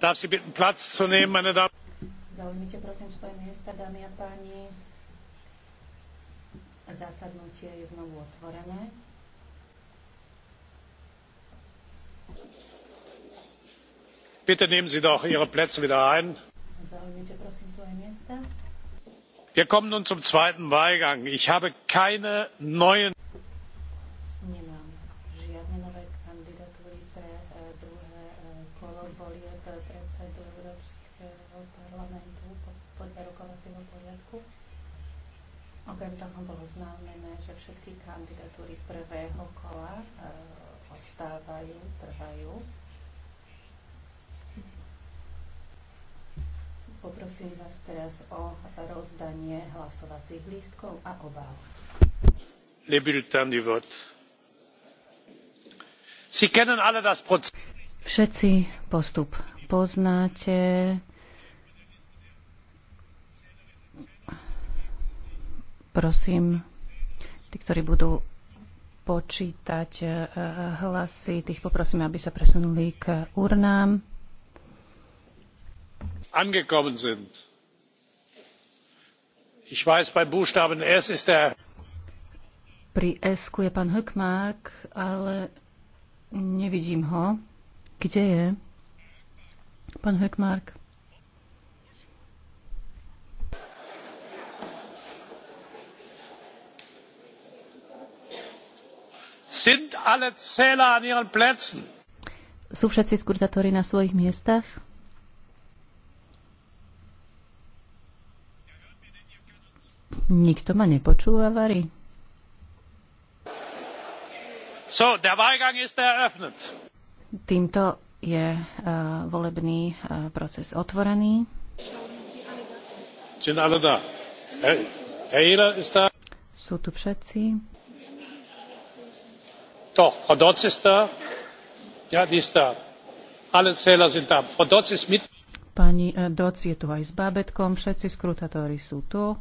Darf Sie bitten, Platz zu nehmen, meine Damen Zaujmite prosím svoje miesta, dámy a páni. Zasadnutie je znovu otvorené. Bitte nehmen Sie doch Ihre Plätze wieder ein. Zaujmite prosím svoje miesta. Wir kommen nun zum zweiten Wahlgang. Ich habe keine neuen Okrem toho bolo známené, že všetky kandidatúry prvého kola e, ostávajú, trvajú. Poprosím vás teraz o rozdanie hlasovacích lístkov a obáv. Les bulletins du vote. Sie kennen alle das Prozess. Všetci postup poznáte. Prosím, tí, ktorí budú počítať eh, hlasy, tých poprosím, aby sa presunuli k urnám. Angekommen sind. Ich weiß, bei Buchstaben S ist der... Pri S je pán Hökmark, ale nevidím ho. Kde je? Pán Hökmark. Sind alle Zähler an ihren Plätzen? Sú všetci skrutatóri na svojich miestach? Nikto ma nepočúva, Vary. So, der Wahlgang ist eröffnet. Týmto je uh, volebný uh, proces otvorený. Sind alle da? Hey, hey, Ehler ist da. Sú tu všetci doch frau dodds ist da ja die ist da alle zähler sind da frau dodds ist mit. pani eh, dodds je tu aj s bábätkom všetci skrutátori sú tu.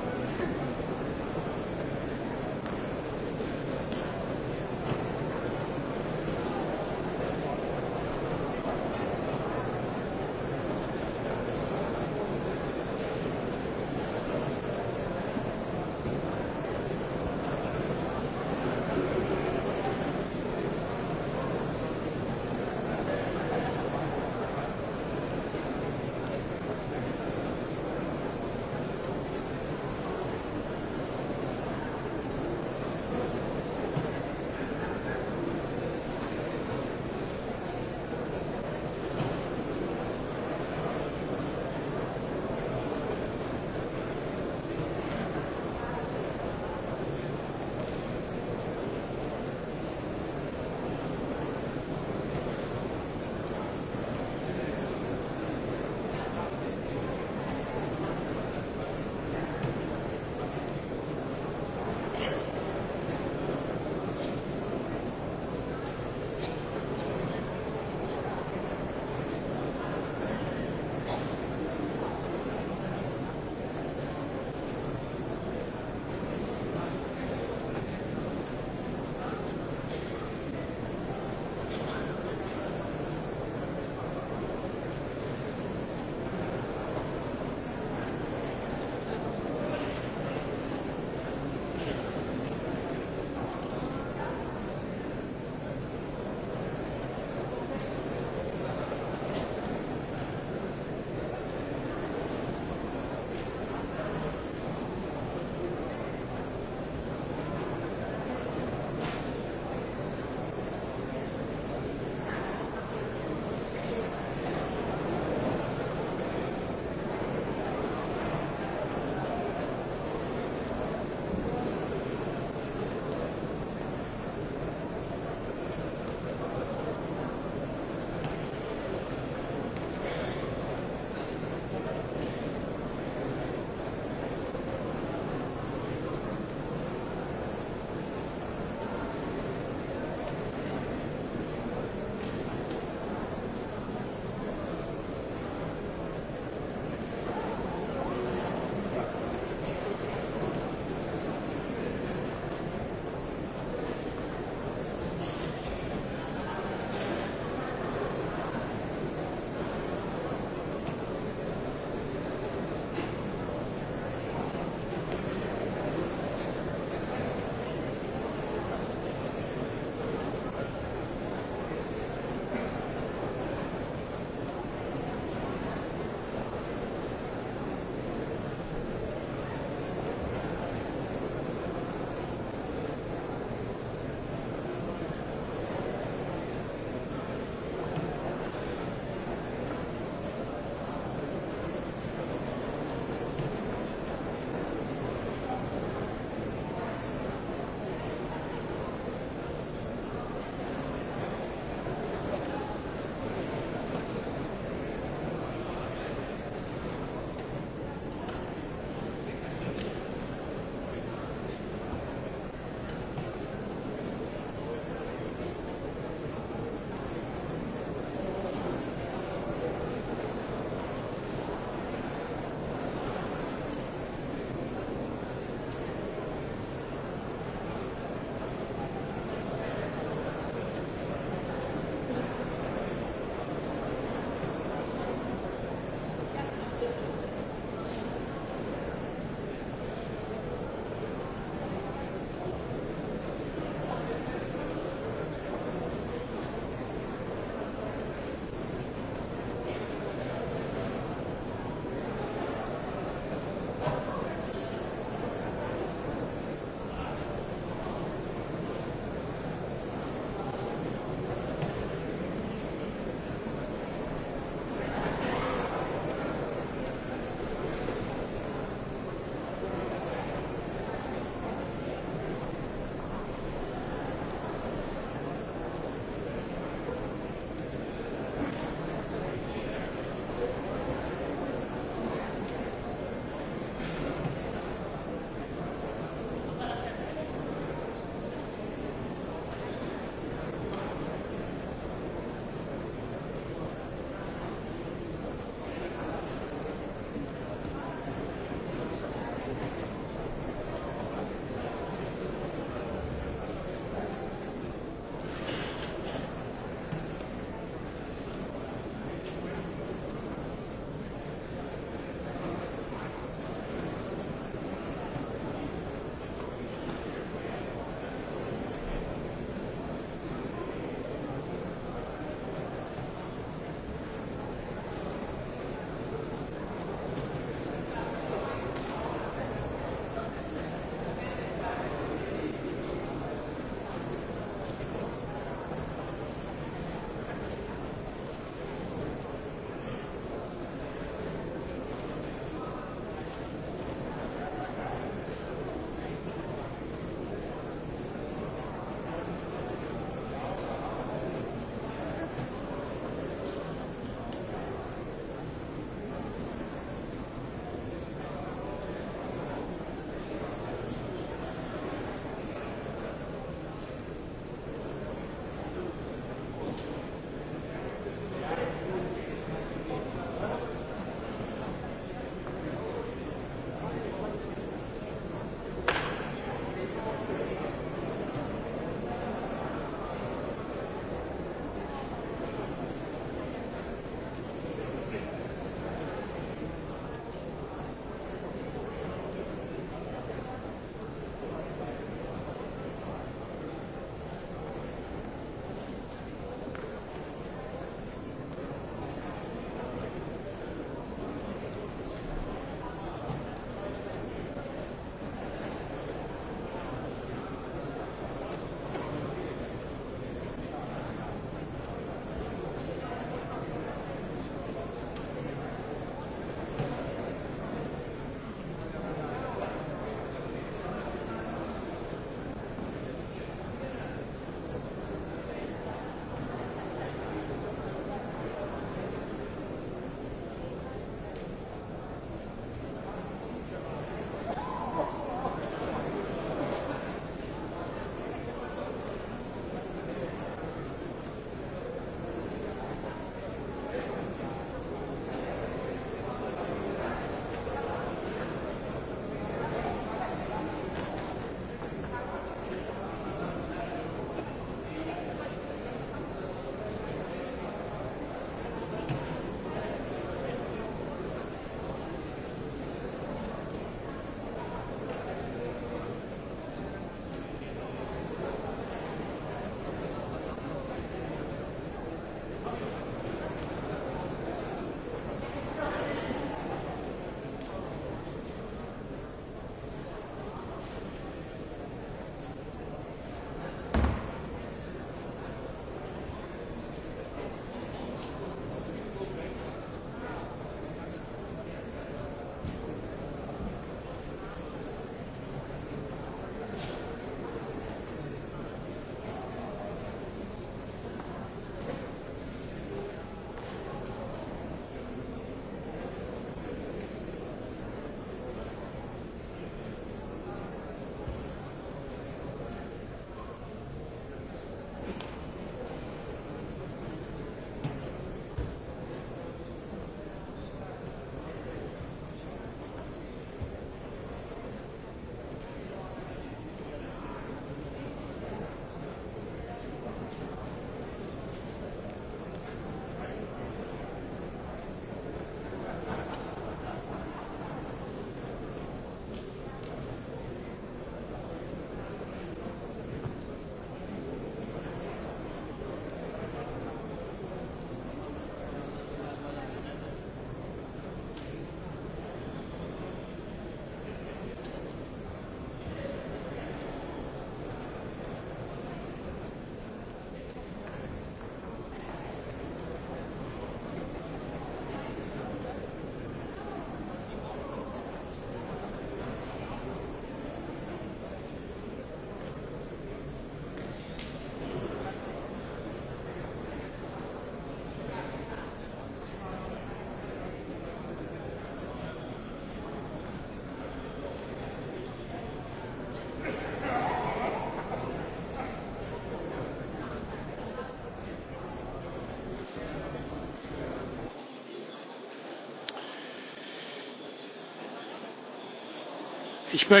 Chcem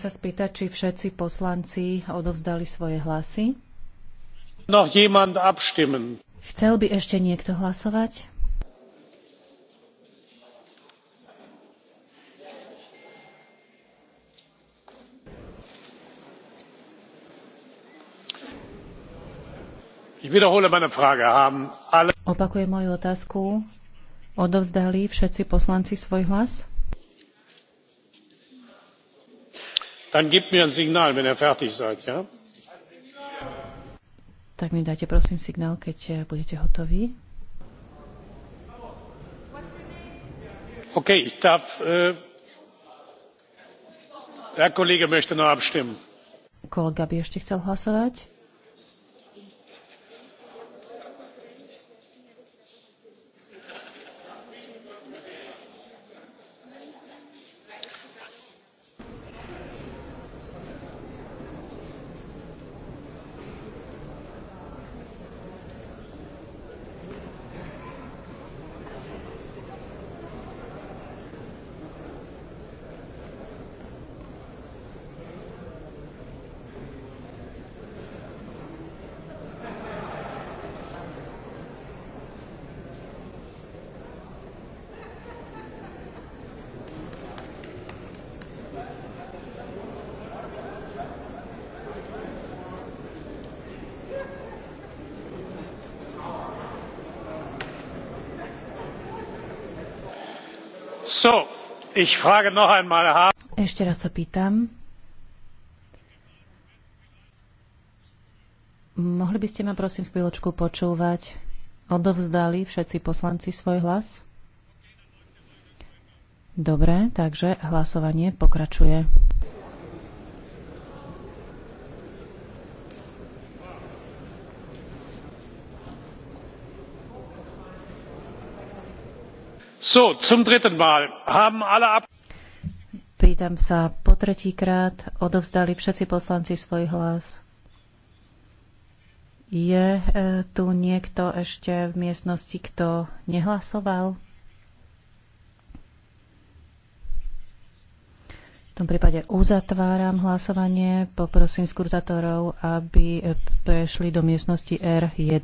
sa spýtať, či všetci poslanci odovzdali svoje hlasy. Chcel by ešte niekto hlasovať? Opakujem moju otázku. Odovzdali všetci poslanci svoj hlas? Dann gebt mir ein Signal, wenn ihr fertig seid, ja? Tak mi dajte prosím signál, keď eh, budete hotoví. Okay, ich darf, äh, Herr Kollege möchte noch abstimmen. Kolega by ešte chcel hlasovať. Ešte raz sa pýtam. Mohli by ste ma prosím chvíľočku počúvať? Odovzdali všetci poslanci svoj hlas? Dobre, takže hlasovanie pokračuje. Pýtam sa po tretíkrát. Odovzdali všetci poslanci svoj hlas. Je e, tu niekto ešte v miestnosti, kto nehlasoval? V tom prípade uzatváram hlasovanie. Poprosím skrutátorov, aby prešli do miestnosti R11.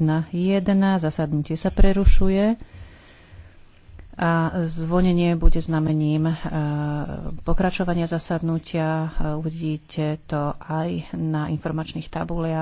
Zasadnutie sa prerušuje a zvonenie bude znamením e, pokračovania zasadnutia. E, uvidíte to aj na informačných tabuliach.